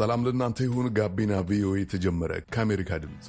ሰላም ለእናንተ ይሁን። ጋቢና ቪኦኤ የተጀመረ ከአሜሪካ ድምፅ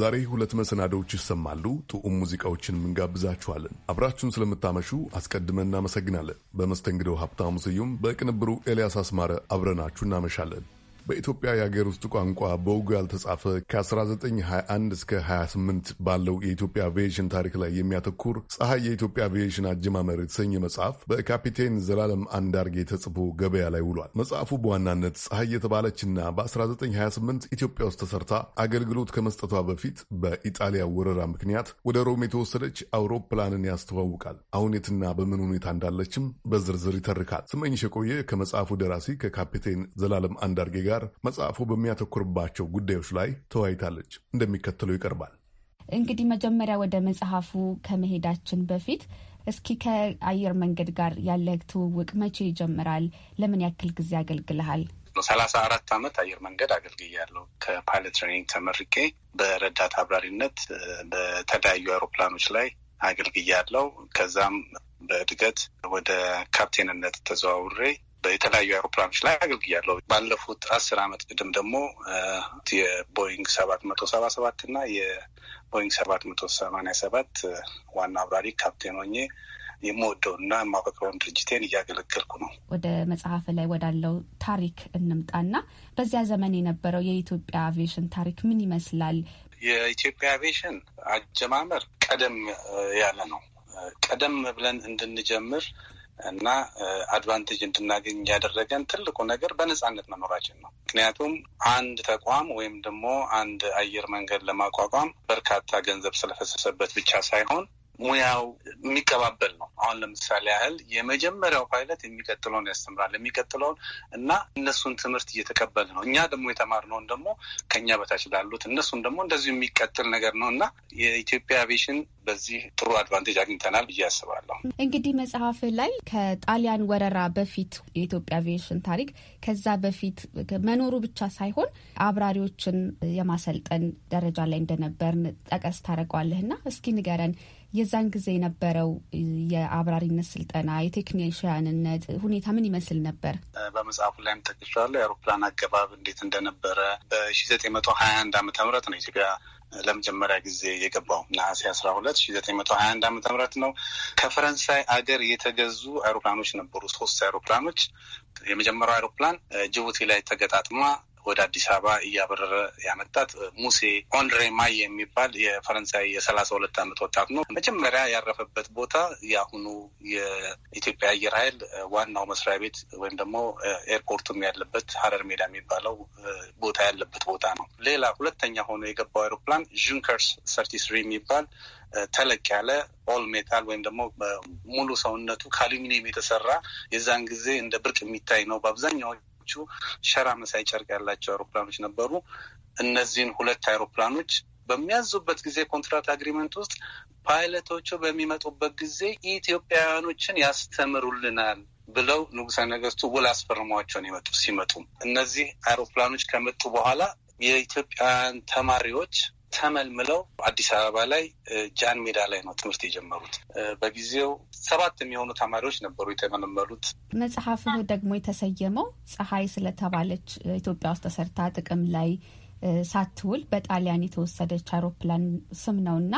ዛሬ ሁለት መሰናዶዎች ይሰማሉ። ጥዑም ሙዚቃዎችን እንጋብዛችኋለን። አብራችሁን ስለምታመሹ አስቀድመን እናመሰግናለን። በመስተንግደው ሀብታሙ ስዩም፣ በቅንብሩ ኤልያስ አስማረ አብረናችሁ እናመሻለን። በኢትዮጵያ የአገር ውስጥ ቋንቋ በውጉ ያልተጻፈ ከ1921 እስከ 28 ባለው የኢትዮጵያ አቪዬሽን ታሪክ ላይ የሚያተኩር ፀሐይ የኢትዮጵያ አቪዬሽን አጀማመር የተሰኘ መጽሐፍ በካፒቴን ዘላለም አንዳርጌ ተጽፎ ገበያ ላይ ውሏል። መጽሐፉ በዋናነት ፀሐይ የተባለችና በ1928 ኢትዮጵያ ውስጥ ተሰርታ አገልግሎት ከመስጠቷ በፊት በኢጣሊያ ወረራ ምክንያት ወደ ሮም የተወሰደች አውሮፕላንን ያስተዋውቃል። አሁን የትና በምን ሁኔታ እንዳለችም በዝርዝር ይተርካል። ስመኝሽ የቆየ ከመጽሐፉ ደራሲ ከካፒቴን ዘላለም አንዳርጌ ጋር ጋር መጽሐፉ በሚያተኩርባቸው ጉዳዮች ላይ ተወያይታለች። እንደሚከተለው ይቀርባል። እንግዲህ መጀመሪያ ወደ መጽሐፉ ከመሄዳችን በፊት እስኪ ከአየር መንገድ ጋር ያለ ትውውቅ መቼ ይጀምራል? ለምን ያክል ጊዜ አገልግልሃል? ሰላሳ አራት ዓመት አየር መንገድ አገልግያለሁ። ከፓይለት ትሬኒንግ ተመርቄ በረዳት አብራሪነት በተለያዩ አውሮፕላኖች ላይ አገልግያለሁ። ከዛም በእድገት ወደ ካፕቴንነት ተዘዋውሬ የተለያዩ አውሮፕላኖች ላይ አገልግያለሁ። ባለፉት አስር አመት ቅድም ደግሞ የቦይንግ ሰባት መቶ ሰባ ሰባት እና የቦይንግ ሰባት መቶ ሰማኒያ ሰባት ዋና አብራሪ ካፕቴን ሆኜ የምወደውና የማፈቅረውን ድርጅቴን እያገለገልኩ ነው። ወደ መጽሐፍ ላይ ወዳለው ታሪክ እንምጣና በዚያ ዘመን የነበረው የኢትዮጵያ አቪዬሽን ታሪክ ምን ይመስላል? የኢትዮጵያ አቪዬሽን አጀማመር ቀደም ያለ ነው። ቀደም ብለን እንድንጀምር እና አድቫንቴጅ እንድናገኝ ያደረገን ትልቁ ነገር በነጻነት መኖራችን ነው። ምክንያቱም አንድ ተቋም ወይም ደግሞ አንድ አየር መንገድ ለማቋቋም በርካታ ገንዘብ ስለፈሰሰበት ብቻ ሳይሆን ሙያው የሚቀባበል ነው። አሁን ለምሳሌ ያህል የመጀመሪያው ፓይለት የሚቀጥለውን ያስተምራል የሚቀጥለውን እና እነሱን ትምህርት እየተቀበል ነው። እኛ ደግሞ የተማርነውን ደግሞ ከኛ በታች ላሉት እነሱም ደግሞ እንደዚሁ የሚቀጥል ነገር ነው እና የኢትዮጵያ አቪዬሽን በዚህ ጥሩ አድቫንቴጅ አግኝተናል ብዬ አስባለሁ። እንግዲህ መጽሐፍ ላይ ከጣሊያን ወረራ በፊት የኢትዮጵያ አቪዬሽን ታሪክ ከዛ በፊት መኖሩ ብቻ ሳይሆን አብራሪዎችን የማሰልጠን ደረጃ ላይ እንደነበር ጠቀስ ታደርገዋለህ እና እስኪ ንገረን የዛን ጊዜ የነበረው የአብራሪነት ስልጠና የቴክኒሽያንነት ሁኔታ ምን ይመስል ነበር? በመጽሐፉ ላይም ጠቅሻለሁ። የአውሮፕላን አገባብ እንዴት እንደነበረ በሺ ዘጠኝ መቶ ሀያ አንድ ዓመተ ምህረት ነው ኢትዮጵያ ለመጀመሪያ ጊዜ የገባው ነሐሴ አስራ ሁለት ሺ ዘጠኝ መቶ ሀያ አንድ ዓመተ ምህረት ነው። ከፈረንሳይ አገር የተገዙ አይሮፕላኖች ነበሩ፣ ሶስት አይሮፕላኖች። የመጀመሪያው አይሮፕላን ጅቡቲ ላይ ተገጣጥማ ወደ አዲስ አበባ እያበረረ ያመጣት ሙሴ ኦንድሬ ማይ የሚባል የፈረንሳይ የሰላሳ ሁለት ዓመት ወጣት ነው። መጀመሪያ ያረፈበት ቦታ የአሁኑ የኢትዮጵያ አየር ኃይል ዋናው መስሪያ ቤት ወይም ደግሞ ኤርፖርቱም ያለበት ሀረር ሜዳ የሚባለው ቦታ ያለበት ቦታ ነው። ሌላ ሁለተኛ ሆኖ የገባው አይሮፕላን ዥንከርስ ሰርቲስሪ የሚባል ተለቅ ያለ ኦል ሜታል ወይም ደግሞ ሙሉ ሰውነቱ ከአሉሚኒየም የተሰራ የዛን ጊዜ እንደ ብርቅ የሚታይ ነው በአብዛኛው ሸራ መሳይ ጨርቅ ያላቸው አውሮፕላኖች ነበሩ። እነዚህን ሁለት አውሮፕላኖች በሚያዙበት ጊዜ ኮንትራት አግሪመንት ውስጥ ፓይለቶቹ በሚመጡበት ጊዜ ኢትዮጵያውያኖችን ያስተምሩልናል ብለው ንጉሰ ነገስቱ ውል አስፈርሟቸውን ይመጡ ሲመጡ እነዚህ አውሮፕላኖች ከመጡ በኋላ የኢትዮጵያውያን ተማሪዎች ተመልምለው አዲስ አበባ ላይ ጃን ሜዳ ላይ ነው ትምህርት የጀመሩት። በጊዜው ሰባት የሚሆኑ ተማሪዎች ነበሩ የተመለመሉት። መጽሐፍህ ደግሞ የተሰየመው ፀሐይ ስለተባለች ኢትዮጵያ ውስጥ ተሰርታ ጥቅም ላይ ሳትውል በጣሊያን የተወሰደች አውሮፕላን ስም ነው እና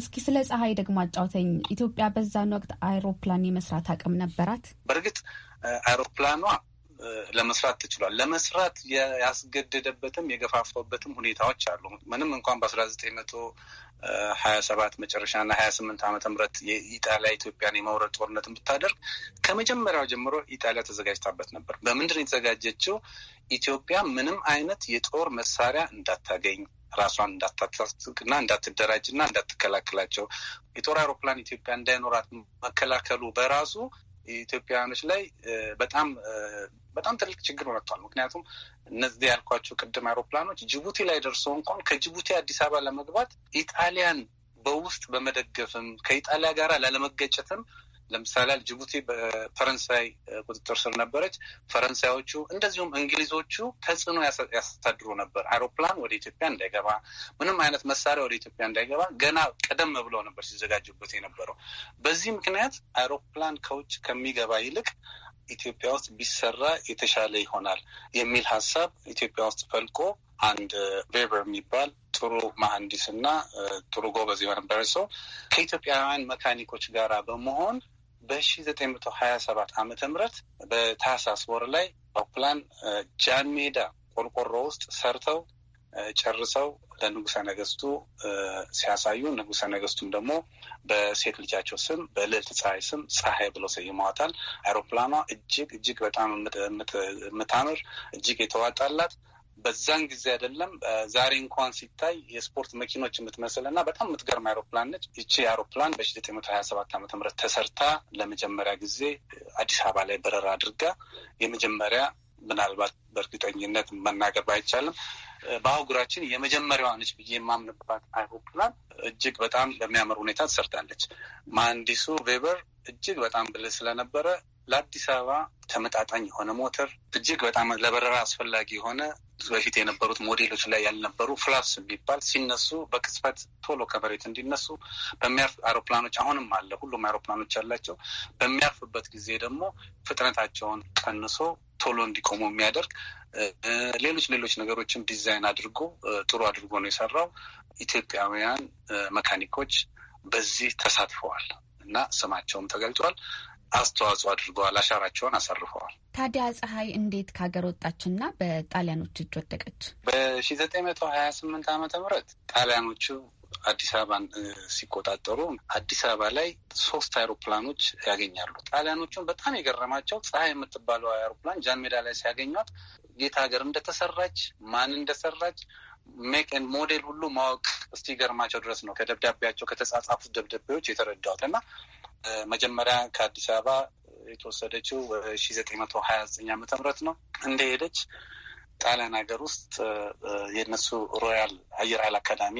እስኪ ስለ ፀሐይ ደግሞ አጫውተኝ። ኢትዮጵያ በዛን ወቅት አይሮፕላን የመስራት አቅም ነበራት? በእርግጥ አይሮፕላኗ ለመስራት ትችሏል። ለመስራት ያስገደደበትም የገፋፋበትም ሁኔታዎች አሉ። ምንም እንኳን በአስራ ዘጠኝ መቶ ሀያ ሰባት መጨረሻና ሀያ ስምንት ዓመተ ምህረት የኢጣሊያ ኢትዮጵያን የመውረድ ጦርነትን ብታደርግ ከመጀመሪያው ጀምሮ ኢጣሊያ ተዘጋጅታበት ነበር። በምንድን ነው የተዘጋጀችው? ኢትዮጵያ ምንም አይነት የጦር መሳሪያ እንዳታገኝ ራሷን እንዳትደራጅ እንዳትደራጅና እንዳትከላከላቸው የጦር አውሮፕላን ኢትዮጵያ እንዳይኖራት መከላከሉ በራሱ ኢትዮጵያውያኖች ላይ በጣም በጣም ትልቅ ችግር መጥቷል። ምክንያቱም እነዚህ ያልኳቸው ቅድም አይሮፕላኖች ጅቡቲ ላይ ደርሰው እንኳን ከጅቡቲ አዲስ አበባ ለመግባት ኢጣሊያን በውስጥ በመደገፍም ከኢጣሊያ ጋር ላለመገጨትም ለምሳሌ ጅቡቲ በፈረንሳይ ቁጥጥር ስር ነበረች። ፈረንሳዮቹ እንደዚሁም እንግሊዞቹ ተጽዕኖ ያሳድሩ ነበር። አይሮፕላን ወደ ኢትዮጵያ እንዳይገባ፣ ምንም አይነት መሳሪያ ወደ ኢትዮጵያ እንዳይገባ ገና ቀደም ብለው ነበር ሲዘጋጁበት የነበረው። በዚህ ምክንያት አይሮፕላን ከውጭ ከሚገባ ይልቅ ኢትዮጵያ ውስጥ ቢሰራ የተሻለ ይሆናል የሚል ሀሳብ ኢትዮጵያ ውስጥ ፈልቆ አንድ ቬበር የሚባል ጥሩ መሀንዲስ እና ጥሩ ጎበዝ የነበረ ሰው ከኢትዮጵያውያን መካኒኮች ጋር በመሆን በ1927 ዓመተ ምህረት በታህሳስ ወር ላይ አውሮፕላን ጃን ሜዳ ቆርቆሮ ውስጥ ሰርተው ጨርሰው ለንጉሰ ነገስቱ ሲያሳዩ ንጉሰ ነገስቱም ደግሞ በሴት ልጃቸው ስም በልዕልት ፀሐይ ስም ፀሐይ ብለው ሰይመዋታል። አይሮፕላኗ እጅግ እጅግ በጣም የምታምር እጅግ የተዋጣላት በዛን ጊዜ አይደለም ዛሬ እንኳን ሲታይ የስፖርት መኪኖች የምትመስል እና በጣም የምትገርም አይሮፕላን ነች። ይቺ አይሮፕላን በሺ ዘጠኝ መቶ ሀያ ሰባት ዓመተ ምህረት ተሰርታ ለመጀመሪያ ጊዜ አዲስ አበባ ላይ በረራ አድርጋ የመጀመሪያ ምናልባት በእርግጠኝነት መናገር ባይቻልም በአህጉራችን የመጀመሪያዋ ነች ብዬ የማምንባት አይሮፕላን እጅግ በጣም በሚያምር ሁኔታ ተሰርታለች። መሐንዲሱ ቬበር እጅግ በጣም ብልህ ስለነበረ ለአዲስ አበባ ተመጣጣኝ የሆነ ሞተር እጅግ በጣም ለበረራ አስፈላጊ የሆነ በፊት የነበሩት ሞዴሎች ላይ ያልነበሩ ፍላፕስ የሚባል ሲነሱ በቅጽበት ቶሎ ከመሬት እንዲነሱ በሚያርፍ አውሮፕላኖች አሁንም አለ። ሁሉም አውሮፕላኖች ያላቸው በሚያርፍበት ጊዜ ደግሞ ፍጥነታቸውን ቀንሶ ቶሎ እንዲቆሙ የሚያደርግ ሌሎች ሌሎች ነገሮችም ዲዛይን አድርጎ ጥሩ አድርጎ ነው የሰራው። ኢትዮጵያውያን መካኒኮች በዚህ ተሳትፈዋል እና ስማቸውም ተገልጧል። አስተዋጽኦ አድርገዋል፣ አሻራቸውን አሳርፈዋል። ታዲያ ፀሐይ እንዴት ከሀገር ወጣችና በጣሊያኖች እጅ ወደቀች? በሺ ዘጠኝ መቶ ሀያ ስምንት ዓመተ ምህረት ጣሊያኖቹ አዲስ አበባን ሲቆጣጠሩ አዲስ አበባ ላይ ሶስት አይሮፕላኖች ያገኛሉ። ጣሊያኖቹን በጣም የገረማቸው ፀሐይ የምትባለው አይሮፕላን ጃን ሜዳ ላይ ሲያገኟት የት ሀገር እንደተሰራች ማን እንደሰራች ሜክ ኤንድ ሞዴል ሁሉ ማወቅ እስኪገርማቸው ድረስ ነው ከደብዳቤያቸው ከተጻጻፉት ደብዳቤዎች የተረዳሁት እና መጀመሪያ ከአዲስ አበባ የተወሰደችው ሺ ዘጠኝ መቶ ሀያ ዘጠኝ አመተ ምህረት ነው እንደሄደች ጣሊያን ሀገር ውስጥ የእነሱ ሮያል አየር ኃይል አካዳሚ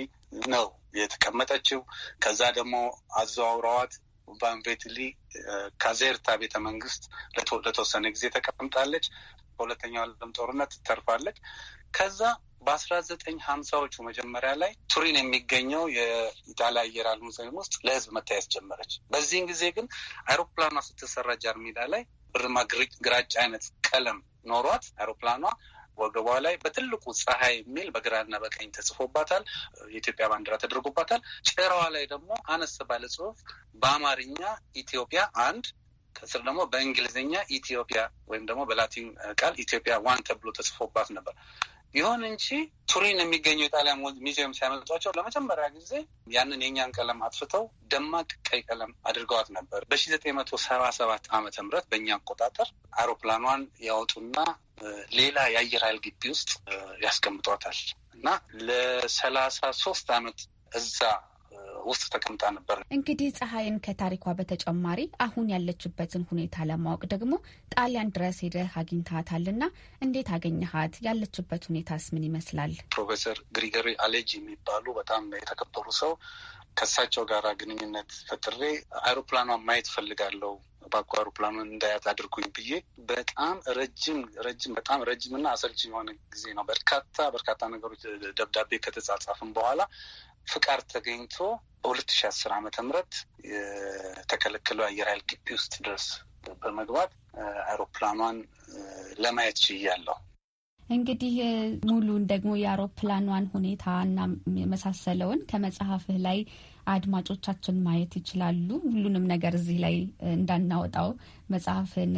ነው የተቀመጠችው። ከዛ ደግሞ አዘዋውረዋት ቫንቬትሊ ካዜርታ ቤተ መንግስት ለተወሰነ ጊዜ ተቀምጣለች። በሁለተኛው ዓለም ጦርነት ተርፋለች። ከዛ በአስራ ዘጠኝ ሀምሳዎቹ መጀመሪያ ላይ ቱሪን የሚገኘው የኢጣሊያ አየር ኃይል ሙዚየም ውስጥ ለህዝብ መታየት ጀመረች። በዚህን ጊዜ ግን አይሮፕላኗ ስትሰራ ጃር ሜዳ ላይ ብርማ ግራጫ አይነት ቀለም ኖሯት አይሮፕላኗ ወገቧ ላይ በትልቁ ፀሐይ የሚል በግራና በቀኝ ተጽፎባታል። የኢትዮጵያ ባንዲራ ተደርጎባታል። ጭራዋ ላይ ደግሞ አነስ ባለ ጽሁፍ በአማርኛ ኢትዮጵያ አንድ ከስር ደግሞ በእንግሊዝኛ ኢትዮጵያ ወይም ደግሞ በላቲን ቃል ኢትዮጵያ ዋን ተብሎ ተጽፎባት ነበር። ይሁን እንጂ ቱሪን የሚገኘው ኢጣሊያ ሙዚየም ሲያመጧቸው ለመጀመሪያ ጊዜ ያንን የእኛን ቀለም አጥፍተው ደማቅ ቀይ ቀለም አድርገዋት ነበር። በሺ ዘጠኝ መቶ ሰባ ሰባት ዓመተ ምህረት በእኛ አቆጣጠር አውሮፕላኗን ያወጡና ሌላ የአየር ኃይል ግቢ ውስጥ ያስቀምጧታል እና ለሰላሳ ሶስት ዓመት እዛ ውስጥ ተቀምጣ ነበር። እንግዲህ ፀሐይን ከታሪኳ በተጨማሪ አሁን ያለችበትን ሁኔታ ለማወቅ ደግሞ ጣሊያን ድረስ ሄደህ አግኝታታልና እንዴት አገኘሃት? ያለችበት ሁኔታስ ምን ይመስላል? ፕሮፌሰር ግሪገሪ አሌጅ የሚባሉ በጣም የተከበሩ ሰው ከእሳቸው ጋር ግንኙነት ፈጥሬ አይሮፕላኗን ማየት ፈልጋለሁ ባኩ አይሮፕላኗን እንዳያት አድርጉኝ ብዬ በጣም ረጅም ረጅም በጣም ረጅምና አሰልች የሆነ ጊዜ ነው። በርካታ በርካታ ነገሮች ደብዳቤ ከተጻጻፍም በኋላ ፍቃድ ተገኝቶ በሁለት ሺ አስር ዓመተ ምህረት የተከለከለው አየር ኃይል ግቢ ውስጥ ድረስ በመግባት አውሮፕላኗን ለማየት ችያለሁ። እንግዲህ ሙሉን ደግሞ የአውሮፕላኗን ሁኔታ እና የመሳሰለውን ከመጽሐፍህ ላይ አድማጮቻችን ማየት ይችላሉ። ሁሉንም ነገር እዚህ ላይ እንዳናወጣው መጽሐፍን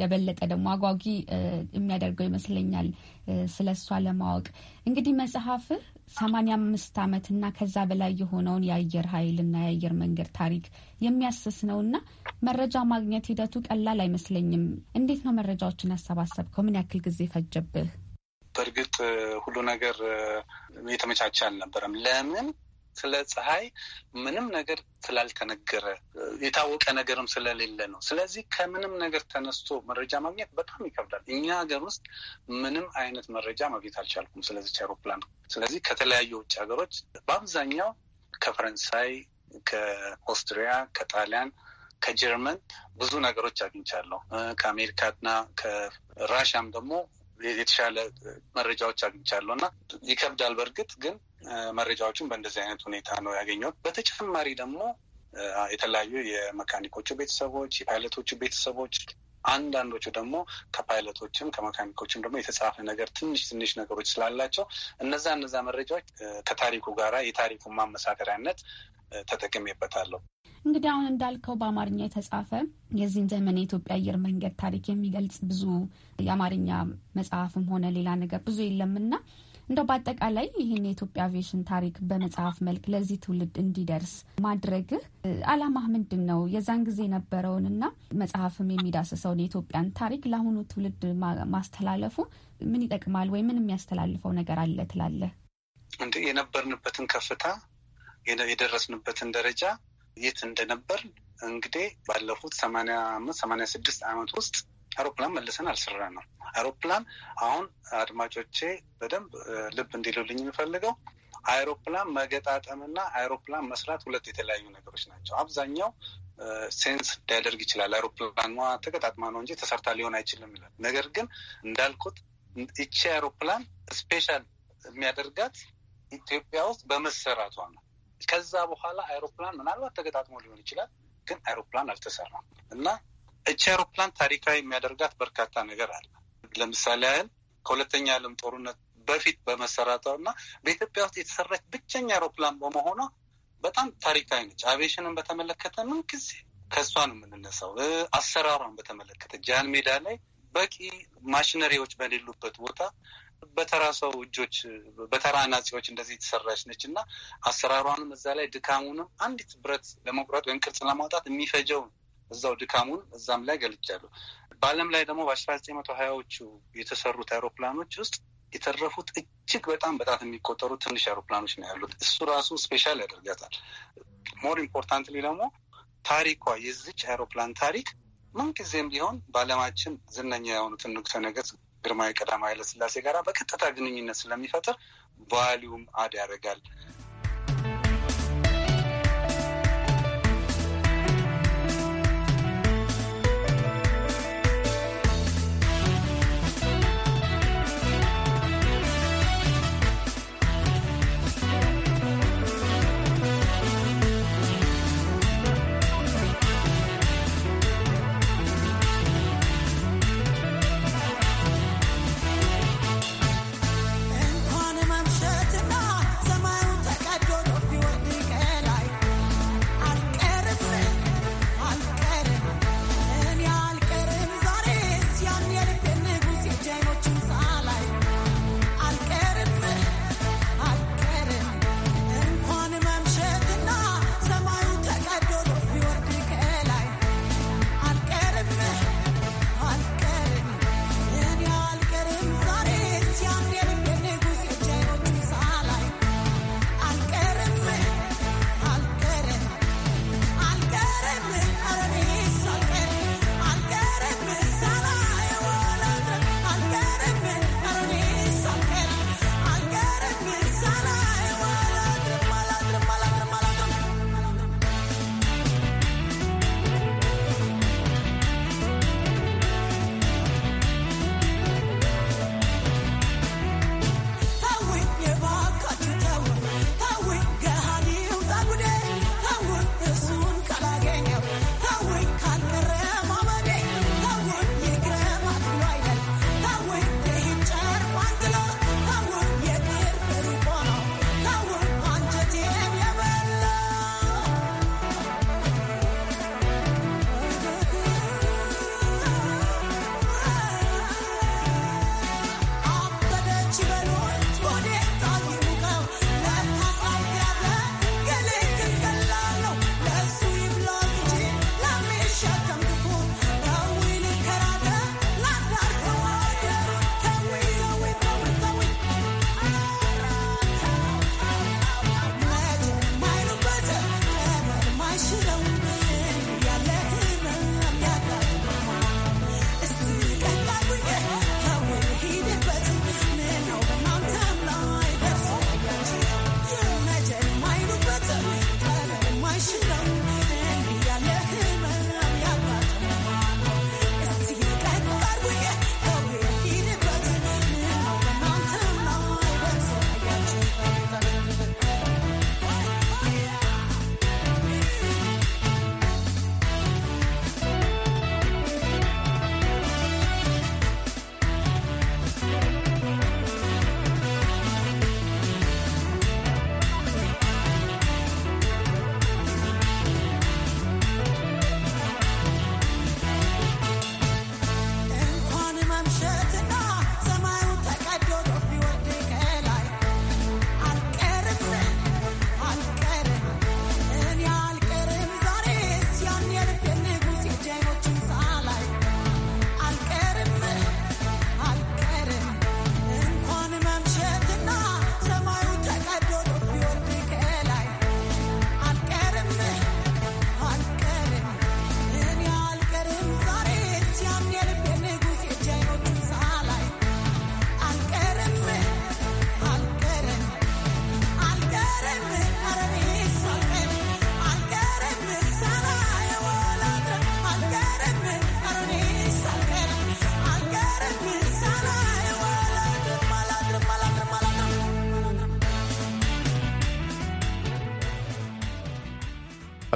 የበለጠ ደግሞ አጓጊ የሚያደርገው ይመስለኛል ስለ እሷ ለማወቅ እንግዲህ መጽሐፍህ ሰማንያ አምስት ዓመት እና ከዛ በላይ የሆነውን የአየር ኃይል እና የአየር መንገድ ታሪክ የሚያስስ ነው እና መረጃ ማግኘት ሂደቱ ቀላል አይመስለኝም። እንዴት ነው መረጃዎችን ያሰባሰብከው? ምን ያክል ጊዜ ፈጀብህ? በእርግጥ ሁሉ ነገር የተመቻቸ አልነበረም። ለምን ስለ ፀሐይ ምንም ነገር ስላልተነገረ የታወቀ ነገርም ስለሌለ ነው። ስለዚህ ከምንም ነገር ተነስቶ መረጃ ማግኘት በጣም ይከብዳል። እኛ ሀገር ውስጥ ምንም አይነት መረጃ ማግኘት አልቻልኩም ስለዚች አይሮፕላን። ስለዚህ ከተለያዩ ውጭ ሀገሮች በአብዛኛው ከፈረንሳይ፣ ከኦስትሪያ፣ ከጣሊያን ከጀርመን ብዙ ነገሮች አግኝቻለሁ። ከአሜሪካና ከራሽያም ደግሞ የተሻለ መረጃዎች አግኝቻለሁ እና ይከብዳል። በእርግጥ ግን መረጃዎቹን በእንደዚህ አይነት ሁኔታ ነው ያገኘሁት። በተጨማሪ ደግሞ የተለያዩ የመካኒኮቹ ቤተሰቦች፣ የፓይለቶቹ ቤተሰቦች አንዳንዶቹ ደግሞ ከፓይለቶችም ከመካኒኮችም ደግሞ የተጻፈ ነገር ትንሽ ትንሽ ነገሮች ስላላቸው እነዛ እነዛ መረጃዎች ከታሪኩ ጋራ የታሪኩን ማመሳከሪያነት ተጠቅሜበታለሁ። እንግዲህ አሁን እንዳልከው በአማርኛ የተጻፈ የዚህን ዘመን የኢትዮጵያ አየር መንገድ ታሪክ የሚገልጽ ብዙ የአማርኛ መጽሐፍም ሆነ ሌላ ነገር ብዙ የለምና እንደው በአጠቃላይ ይህን የኢትዮጵያ አቪዬሽን ታሪክ በመጽሐፍ መልክ ለዚህ ትውልድ እንዲደርስ ማድረግህ አላማህ ምንድን ነው? የዛን ጊዜ የነበረውንና መጽሐፍም የሚዳስሰውን የኢትዮጵያን ታሪክ ለአሁኑ ትውልድ ማስተላለፉ ምን ይጠቅማል? ወይ ምን የሚያስተላልፈው ነገር አለ ትላለህ? እንደ የነበርንበትን ከፍታ የደረስንበትን ደረጃ የት እንደነበር እንግዲህ ባለፉት ሰማንያ አምስት ሰማንያ ስድስት ዓመት ውስጥ አውሮፕላን መልሰን አልሰራ ነው። አውሮፕላን አሁን አድማጮቼ በደንብ ልብ እንዲሉልኝ የምፈልገው አውሮፕላን መገጣጠምና አውሮፕላን መስራት ሁለት የተለያዩ ነገሮች ናቸው። አብዛኛው ሴንስ ሊያደርግ ይችላል። አውሮፕላኗ ተገጣጥማ ነው እንጂ ተሰርታ ሊሆን አይችልም ይላል። ነገር ግን እንዳልኩት ይቺ አውሮፕላን ስፔሻል የሚያደርጋት ኢትዮጵያ ውስጥ በመሰራቷ ነው። ከዛ በኋላ አይሮፕላን ምናልባት ተገጣጥሞ ሊሆን ይችላል፣ ግን አይሮፕላን አልተሰራም እና እቺ አይሮፕላን ታሪካዊ የሚያደርጋት በርካታ ነገር አለ። ለምሳሌ ያህል ከሁለተኛ ዓለም ጦርነት በፊት በመሰራቷ እና በኢትዮጵያ ውስጥ የተሰራች ብቸኛ አይሮፕላን በመሆኗ በጣም ታሪካዊ ነች። አቪዬሽንን በተመለከተ ምን ጊዜ ከእሷ ነው የምንነሳው። አሰራሯን በተመለከተ ጃን ሜዳ ላይ በቂ ማሽነሪዎች በሌሉበት ቦታ በተራ ሰው እጆች በተራ ናዚዎች እንደዚህ የተሰራች ነች እና አሰራሯንም እዛ ላይ ድካሙንም አንዲት ብረት ለመቁረጥ ወይም ቅርጽ ለማውጣት የሚፈጀው እዛው ድካሙን እዛም ላይ ገልጫለሁ። በዓለም ላይ ደግሞ በአስራ ዘጠኝ መቶ ሀያዎቹ የተሰሩት አይሮፕላኖች ውስጥ የተረፉት እጅግ በጣም በጣት የሚቆጠሩ ትንሽ አይሮፕላኖች ነው ያሉት። እሱ ራሱ ስፔሻል ያደርጋታል። ሞር ኢምፖርታንትሊ ደግሞ ታሪኳ የዚች አይሮፕላን ታሪክ ምንጊዜም ቢሆን በዓለማችን ዝነኛ የሆኑትን ንጉሠ ነገሥት ግርማዊ ቀዳማዊ ኃይለስላሴ ጋር በቀጥታ ግንኙነት ስለሚፈጥር ቫሊዩም አድ ያደርጋል።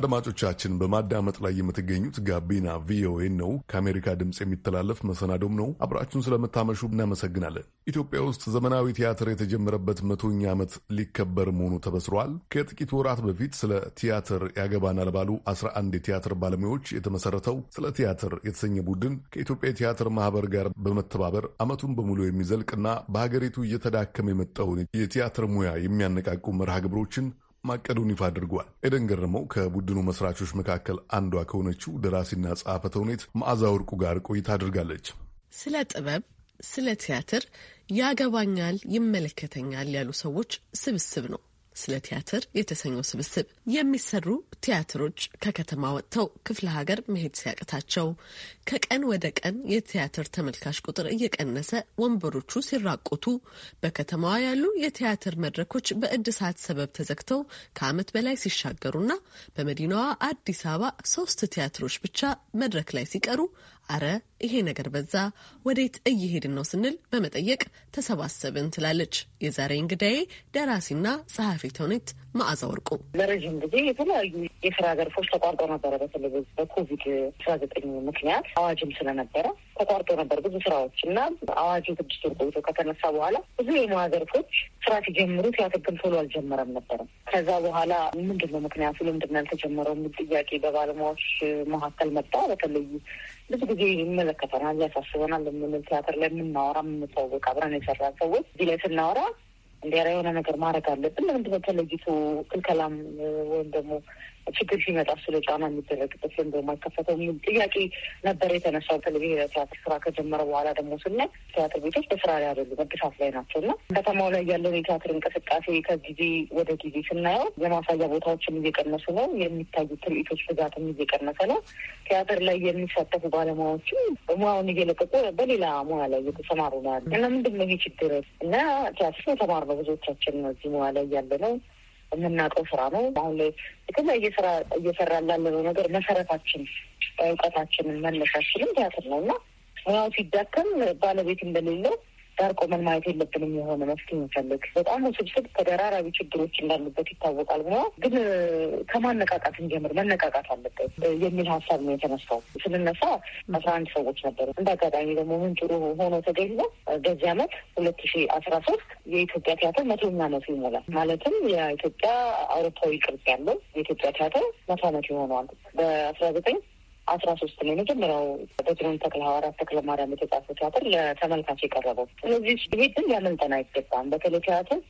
አድማጮቻችን በማዳመጥ ላይ የምትገኙት ጋቢና ቪኦኤ ነው። ከአሜሪካ ድምፅ የሚተላለፍ መሰናዶም ነው። አብራችሁን ስለምታመሹ እናመሰግናለን። ኢትዮጵያ ውስጥ ዘመናዊ ቲያትር የተጀመረበት መቶኛ ዓመት ሊከበር መሆኑ ተበስሯል። ከጥቂት ወራት በፊት ስለ ቲያትር ያገባናል ባሉ 11 የቲያትር ባለሙያዎች የተመሰረተው ስለ ቲያትር የተሰኘ ቡድን ከኢትዮጵያ የቲያትር ማህበር ጋር በመተባበር ዓመቱን በሙሉ የሚዘልቅና በሀገሪቱ እየተዳከመ የመጣውን የቲያትር ሙያ የሚያነቃቁ መርሃ ግብሮችን ማቀዱን ይፋ አድርጓል። ኤደን ገረመው ከቡድኑ መስራቾች መካከል አንዷ ከሆነችው ደራሲና ጸሐፌ ተውኔት መዓዛ ወርቁ ጋር ቆይታ አድርጋለች። ስለ ጥበብ፣ ስለ ቲያትር ያገባኛል፣ ይመለከተኛል ያሉ ሰዎች ስብስብ ነው ስለ ቲያትር የተሰኘው ስብስብ የሚሰሩ ቲያትሮች ከከተማ ወጥተው ክፍለ ሀገር መሄድ ሲያቅታቸው ከቀን ወደ ቀን የቲያትር ተመልካች ቁጥር እየቀነሰ ወንበሮቹ ሲራቆቱ በከተማዋ ያሉ የቲያትር መድረኮች በእድሳት ሰበብ ተዘግተው ከዓመት በላይ ሲሻገሩና በመዲናዋ አዲስ አበባ ሶስት ቲያትሮች ብቻ መድረክ ላይ ሲቀሩ አረ ይሄ ነገር በዛ፣ ወዴት እየሄድን ነው ስንል በመጠየቅ ተሰባሰብን ትላለች የዛሬ እንግዳዬ ደራሲና ጸሐፊ ተውኔት መዓዛ ወርቁ። ለረዥም ጊዜ የተለያዩ የስራ ዘርፎች ተቋርጦ ነበረ። በተለይ በኮቪድ አስራ ዘጠኝ ምክንያት አዋጅም ስለነበረ ተቋርጦ ነበር ብዙ ስራዎች እና አዋጁ ስድስት ወር ቆይቶ ከተነሳ በኋላ ብዙ የሙያ ዘርፎች ስራ ሲጀምሩ ቲያትር ግን ቶሎ አልጀመረም ነበረም። ከዛ በኋላ ምንድን ነው ምክንያቱ ለምንድን ነው ያልተጀመረው የሚል ጥያቄ በባለሙያዎች መካከል መጣ በተለይ ብዙ ጊዜ ይመለከተናል፣ ያሳስበናል የምንል ቲያትር ላይ የምናወራ የምንታወቅ አብረን የሰራን ሰዎች እዚህ ላይ ስናወራ እንዲያራ የሆነ ነገር ማድረግ አለብን። ለምንድን ነው ተለይቶ ክልከላም ወይም ደግሞ ችግር ሲመጣ ስለ ጫና የሚደረግበት ወይም ደግሞ አይከፈተው የሚል ጥያቄ ነበር የተነሳው። በተለይ ቲያትር ስራ ከጀመረ በኋላ ደግሞ ስናይ ቲያትር ቤቶች በስራ ላይ አይደሉ፣ መግሳት ላይ ናቸው እና ከተማው ላይ ያለውን የቲያትር እንቅስቃሴ ከጊዜ ወደ ጊዜ ስናየው የማሳያ ቦታዎችም እየቀነሱ ነው፣ የሚታዩ ትርኢቶች ብዛትም እየቀነሰ ነው። ቲያትር ላይ የሚሳተፉ ባለሙያዎችም ሙያውን እየለቀቁ በሌላ ሙያ ላይ እየተሰማሩ ነው ያለ እና ምንድን ነው ይህ ችግር እና ቲያትር የተማርነው ብዙዎቻችን እዚህ ሙያ ላይ ያለ ነው የምናውቀው ስራ ነው። አሁን ላይ የተለያየ ስራ እየሰራ ላለነው ነገር መሰረታችን፣ እውቀታችንን መነሻችንም ቲያትር ነው እና ሙያው ሲዳከም ባለቤት እንደሌለው ጋር ቆመን ማየት የለብንም። የሆነ መፍትሄ የሚፈልግ በጣም ውስብስብ ተደራራቢ ችግሮች እንዳሉበት ይታወቃል። ብለ ግን ከማነቃቃት እንጀምር መነቃቃት አለበት የሚል ሀሳብ ነው የተነሳው። ስንነሳ አስራ አንድ ሰዎች ነበሩ። እንደ አጋጣሚ ደግሞ ምን ጥሩ ሆኖ ተገኝቶ በዚህ አመት ሁለት ሺ አስራ ሶስት የኢትዮጵያ ቲያትር መቶኛ አመቱ ይሞላል። ማለትም የኢትዮጵያ አውሮፓዊ ቅርጽ ያለው የኢትዮጵያ ቲያትር መቶ አመት ይሆነዋል በአስራ ዘጠኝ አስራ ሶስት ነው የመጀመሪያው በትሩን ተክለ ሐዋርያት ተክለ ማርያም የተጻፈ ቲያትር ለተመልካች የቀረበው። ስለዚህ ቤትም ድል አይገባም። በተለይ ቲያትር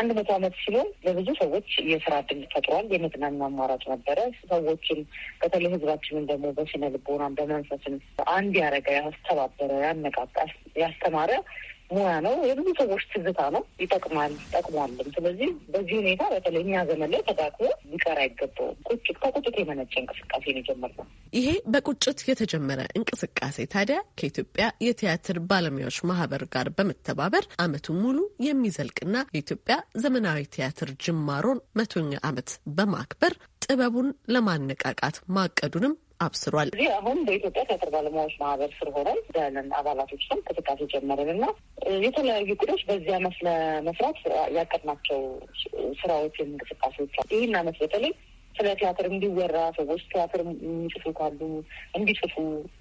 አንድ መቶ ዓመት ሲሆን ለብዙ ሰዎች የስራ እድል ፈጥሯል። የመዝናኛ አማራጭ ነበረ። ሰዎችን በተለይ ህዝባችንን ደግሞ በስነ ልቦናም በመንፈስም አንድ ያረገ ያስተባበረ፣ ያነቃቃ፣ ያስተማረ ሙያ ነው። የብዙ ሰዎች ትዝታ ነው። ይጠቅማል፣ ይጠቅሟልም። ስለዚህ በዚህ ሁኔታ በተለይ እኛ ዘመን ላይ ተዳክሞ ሊቀር አይገባውም። ቁጭት ከቁጭት የመነጨ እንቅስቃሴ ነው የጀመርነው። ይሄ በቁጭት የተጀመረ እንቅስቃሴ ታዲያ ከኢትዮጵያ የቲያትር ባለሙያዎች ማህበር ጋር በመተባበር ዓመቱን ሙሉ የሚዘልቅና የኢትዮጵያ ዘመናዊ ቲያትር ጅማሮን መቶኛ ዓመት በማክበር ጥበቡን ለማነቃቃት ማቀዱንም አብስሯል። እዚህ አሁን በኢትዮጵያ ቲያትር ባለሙያዎች ማህበር ስር ሆነን ያለን አባላቶች ስም እንቅስቃሴ ጀመርን እና የተለያዩ እቅዶች በዚህ አመት ለመስራት ያቀድናቸው ስራዎች ወይም እንቅስቃሴዎች አሉ። ይህን አመት በተለይ ስለ ቲያትር እንዲወራ ሰዎች ቲያትር የሚጽፉ ካሉ እንዲጽፉ፣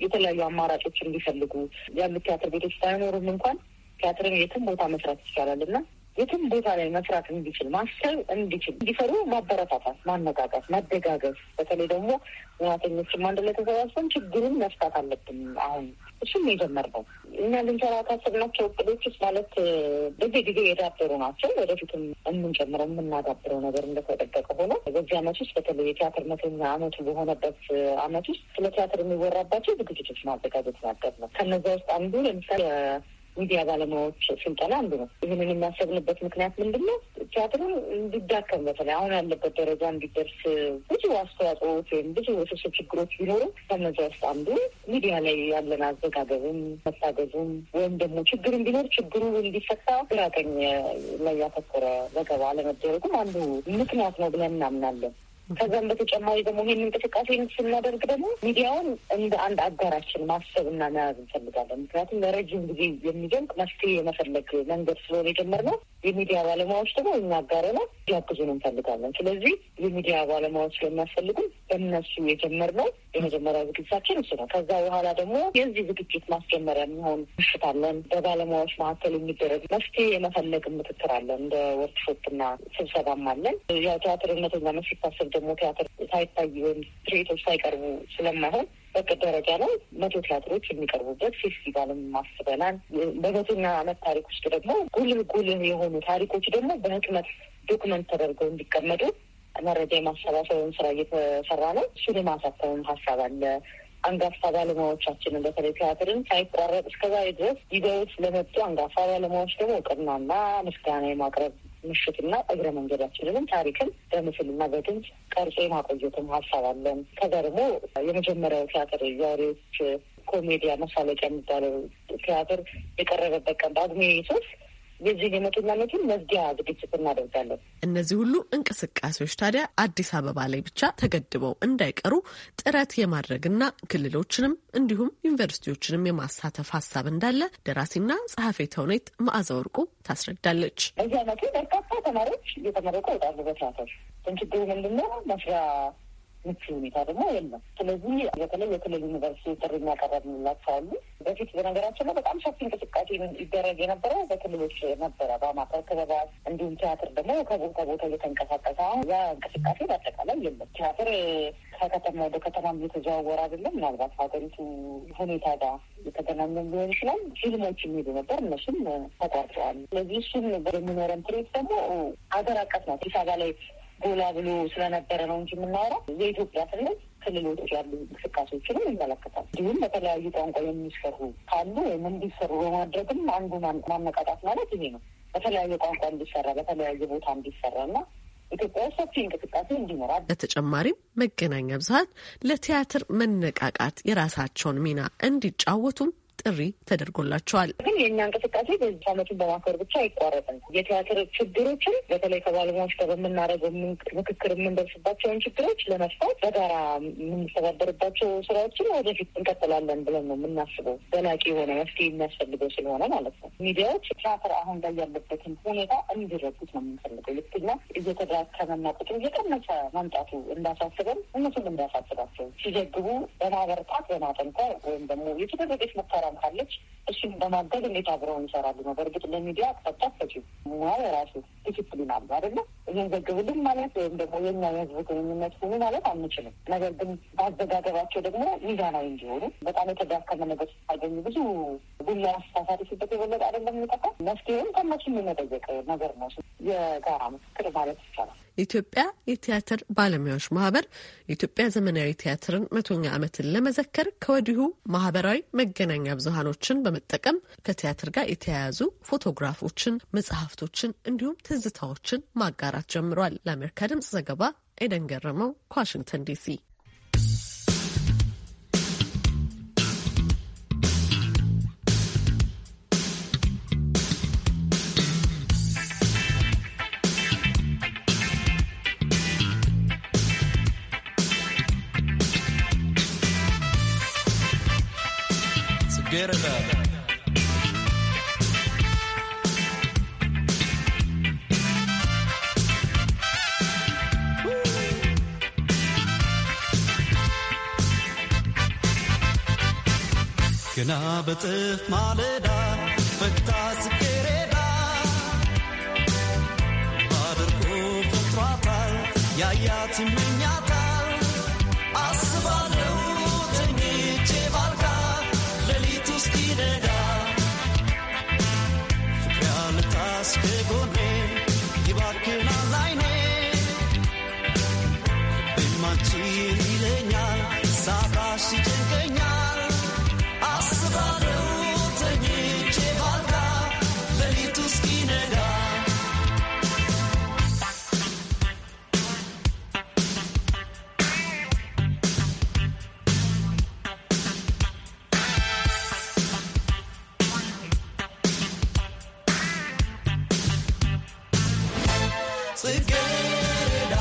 የተለያዩ አማራጮች እንዲፈልጉ ያሉት ቲያትር ቤቶች ባይኖርም እንኳን ቲያትርን የትም ቦታ መስራት ይቻላል እና የትም ቦታ ላይ መስራት እንዲችል ማሰብ እንዲችል እንዲሰሩ ማበረታታት፣ ማነቃቃት፣ ማደጋገፍ በተለይ ደግሞ ሙያተኞችም አንድ ላይ ተሰባስበን ችግሩን መፍታት አለብን። አሁን እሱም ነው። እኛ ልንሰራ ካሰብናቸው እቅዶች ውስጥ ማለት በዚህ ጊዜ የዳበሩ ናቸው። ወደፊትም የምንጨምረው የምናዳብረው ነገር እንደተጠበቀ ሆኖ በዚህ አመት ውስጥ በተለይ የቲያትር መተኛ አመቱ በሆነበት አመት ውስጥ ስለ ቲያትር የሚወራባቸው ዝግጅቶች ማዘጋጀት ናገር ነው። ከነዚያ ውስጥ አንዱ ለምሳሌ ሚዲያ ባለሙያዎች ስልጠና አንዱ ነው። ይህንን የሚያሰብንበት ምክንያት ምንድን ነው? ቲያትሩን እንዲዳከም በተለይ አሁን ያለበት ደረጃ እንዲደርስ ብዙ አስተዋጽኦዎች ወይም ብዙ ውስብስብ ችግሮች ቢኖሩ ከነዚያ ውስጥ አንዱ ሚዲያ ላይ ያለን አዘጋገብም መታገዙም ወይም ደግሞ ችግር እንዲኖር ችግሩ እንዲፈታ ግራ ቀኝ ላይ ያተኮረ ዘገባ አለመደረጉም አንዱ ምክንያት ነው ብለን እናምናለን። ከዛም በተጨማሪ ደግሞ ይህን እንቅስቃሴ ስናደርግ ደግሞ ሚዲያውን እንደ አንድ አጋራችን ማሰብ እና መያዝ እንፈልጋለን። ምክንያቱም ለረጅም ጊዜ የሚደንቅ መፍትሄ የመፈለግ መንገድ ስለሆነ የጀመርነው የሚዲያ ባለሙያዎች ደግሞ እኛ አጋር ነው ሊያግዙን እንፈልጋለን። ስለዚህ የሚዲያ ባለሙያዎች ስለሚያስፈልጉን እነሱ የጀመርነው የመጀመሪያ ዝግጅታችን እሱ ነው። ከዛ በኋላ ደግሞ የዚህ ዝግጅት ማስጀመሪያ የሚሆን ምሽት አለን። በባለሙያዎች መካከል የሚደረግ መፍትሄ የመፈለግ ምክክር አለን። እንደ ወርክሾፕ እና ስብሰባም አለን። ያው ቲያትርነተኛ መስት ደግሞ ቲያትር ሳይታይ ወይም ትርኢቶች ሳይቀርቡ ስለማይሆን በቅ ደረጃ ላይ መቶ ቲያትሮች የሚቀርቡበት ፌስቲቫልም ማስበናል። በመቶኛ ዓመት ታሪክ ውስጥ ደግሞ ጉልህ ጉልህ የሆኑ ታሪኮች ደግሞ በህክመት ዶክመንት ተደርገው እንዲቀመጡ መረጃ የማሰባሰብን ስራ እየተሰራ ነው። እሱን የማሳተሙም ሀሳብ አለ። አንጋፋ ባለሙያዎቻችንን በተለይ ቲያትርን ሳይቋረጥ እስከዛ ድረስ ይዘውት ለመጡ አንጋፋ ባለሙያዎች ደግሞ እውቅናና ምስጋና የማቅረብ ምሽትና እግረ መንገዳችንንም ታሪክን በምስልና በድምፅ ቀርጾ የማቆየትም ሀሳብ አለን። ከዛ ደግሞ የመጀመሪያው ቲያትር የዛሬዎች ኮሜዲያ መሳለቂያ የሚባለው ቲያትር የቀረበበት ቀን በጳጉሜ ሶስት የዚህን የመጡና መቱን መዝጊያ ዝግጅት እናደርጋለን። እነዚህ ሁሉ እንቅስቃሴዎች ታዲያ አዲስ አበባ ላይ ብቻ ተገድበው እንዳይቀሩ ጥረት የማድረግና ክልሎችንም እንዲሁም ዩኒቨርሲቲዎችንም የማሳተፍ ሀሳብ እንዳለ ደራሲና ጸሐፌ ተውኔት መዓዛ ወርቁ ታስረዳለች። በዚህ አመቱ በርካታ ተማሪዎች እየተመረቁ ይወጣሉ። በትራቶች ችግሩ ምንድነው መስሪያ ምቹ ሁኔታ ደግሞ የለም። ስለዚህ በተለይ የክልል ዩኒቨርሲቲ ጥሪ የሚያቀረብንላቸው አሉ። በፊት በነገራችን ላይ በጣም ሰፊ እንቅስቃሴ ይደረግ የነበረው በክልሎች ነበረ፣ በአማካር ክበባት፣ እንዲሁም ቲያትር ደግሞ ከቦታ ቦታ እየተንቀሳቀሰ አሁን ያ እንቅስቃሴ በአጠቃላይ የለም። ቲያትር ከከተማ ወደ ከተማ እየተዘዋወረ አይደለም። ምናልባት ሀገሪቱ ሁኔታ ጋር የተገናኘም ሊሆን ይችላል። ፊልሞች የሚሄዱ ነበር፣ እነሱም ተቋርጠዋል። ስለዚህ እሱም የሚኖረን ትሬት ደግሞ ሀገር አቀፍ ነው። አዲስ አበባ ላይ ጎላ ብሎ ስለነበረ ነው እንጂ የምናወራው የኢትዮጵያ ክልል ክልሎች ያሉ እንቅስቃሴዎችንም ይመለከታል። እንዲሁም በተለያዩ ቋንቋ የሚሰሩ ካሉ ወይም እንዲሰሩ በማድረግም አንዱ ማነቃጣት ማለት ይሄ ነው። በተለያየ ቋንቋ እንዲሰራ፣ በተለያየ ቦታ እንዲሰራ እና ኢትዮጵያ ውስጥ ሰፊ እንቅስቃሴ እንዲኖራል። በተጨማሪም መገናኛ ብዙኃን ለቲያትር መነቃቃት የራሳቸውን ሚና እንዲጫወቱም ጥሪ ተደርጎላቸዋል። ግን የእኛ እንቅስቃሴ በዚህ ዓመቱን በማክበር ብቻ አይቋረጥም። የቲያትር ችግሮችን በተለይ ከባለሙያዎች ጋር በምናደርገው ምክክር የምንደርስባቸውን ችግሮች ለመፍታት በጋራ የምንተባበርባቸው ስራዎችን ወደፊት እንቀጥላለን ብለን ነው የምናስበው። ዘላቂ የሆነ መፍትሄ የሚያስፈልገው ስለሆነ ማለት ነው። ሚዲያዎች ቲያትር አሁን ላይ ያለበትን ሁኔታ እንዲረዱት ነው የምንፈልገው። ልክኛ እየተዳከመና ቁጥሩ እየቀነሰ መምጣቱ እንዳሳስበን እነሱም እንዳሳስባቸው ሲዘግቡ በማበርታት በማጠንከር ወይም ደግሞ የተደረገች ሙከራ የምትሰራም ካለች እሱም በማገዝ እንዴት አብረው ይሰራሉ ነው። በእርግጥ ለሚዲያ አቅጣጫ ሰጪ ሙያ የራሱ ዲስፕሊን አሉ አደለ? ዘግብልን ማለት ወይም ደግሞ የኛ የህዝብ ግንኙነት ሆኑ ማለት አንችልም። ነገር ግን በአዘጋገባቸው ደግሞ ሚዛናዊ እንዲሆኑ በጣም የተዳከመ ነገር ስታገኙ ብዙ ጉላ አስተሳሳሪ ሲበት የበለጠ አደለም የሚጠቀም መፍትሄም ከመችን የመጠየቅ ነገር ነው። የጋራ ምክክር ማለት ይቻላል። ኢትዮጵያ የቲያትር ባለሙያዎች ማህበር የኢትዮጵያ ዘመናዊ ቲያትርን መቶኛ ዓመትን ለመዘከር ከወዲሁ ማህበራዊ መገናኛ ብዙሃኖችን በመጠቀም ከቲያትር ጋር የተያያዙ ፎቶግራፎችን፣ መጽሐፍቶችን እንዲሁም ትዝታዎችን ማጋራት ጀምሯል። ለአሜሪካ ድምጽ ዘገባ ኤደን ገረመው ከዋሽንግተን ዲሲ America. ገና በጥፍ ማለዳ Get it up.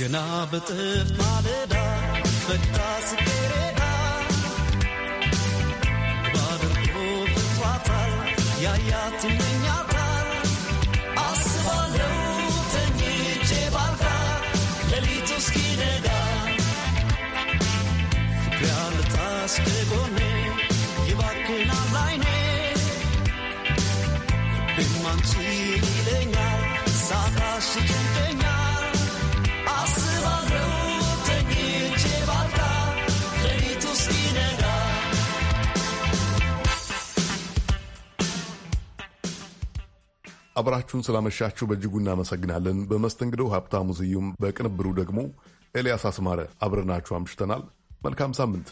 ገና በጥፍ ማለዳ በታ ስገሬዳ ባድርጎ ፍቷታል ያያት ይመኛታል አስባለው ተኝቼ ባልጋ ሌሊቱ እስኪነጋ ፍቅር ያልታስ ይባክናል አይኔ ልቤም ይለኛል ሳታሽ አብራችሁን ስላመሻችሁ በእጅጉ እናመሰግናለን። በመስተንግደው ሀብታሙ ስዩም፣ በቅንብሩ ደግሞ ኤልያስ አስማረ አብረናችሁ አምሽተናል። መልካም ሳምንት።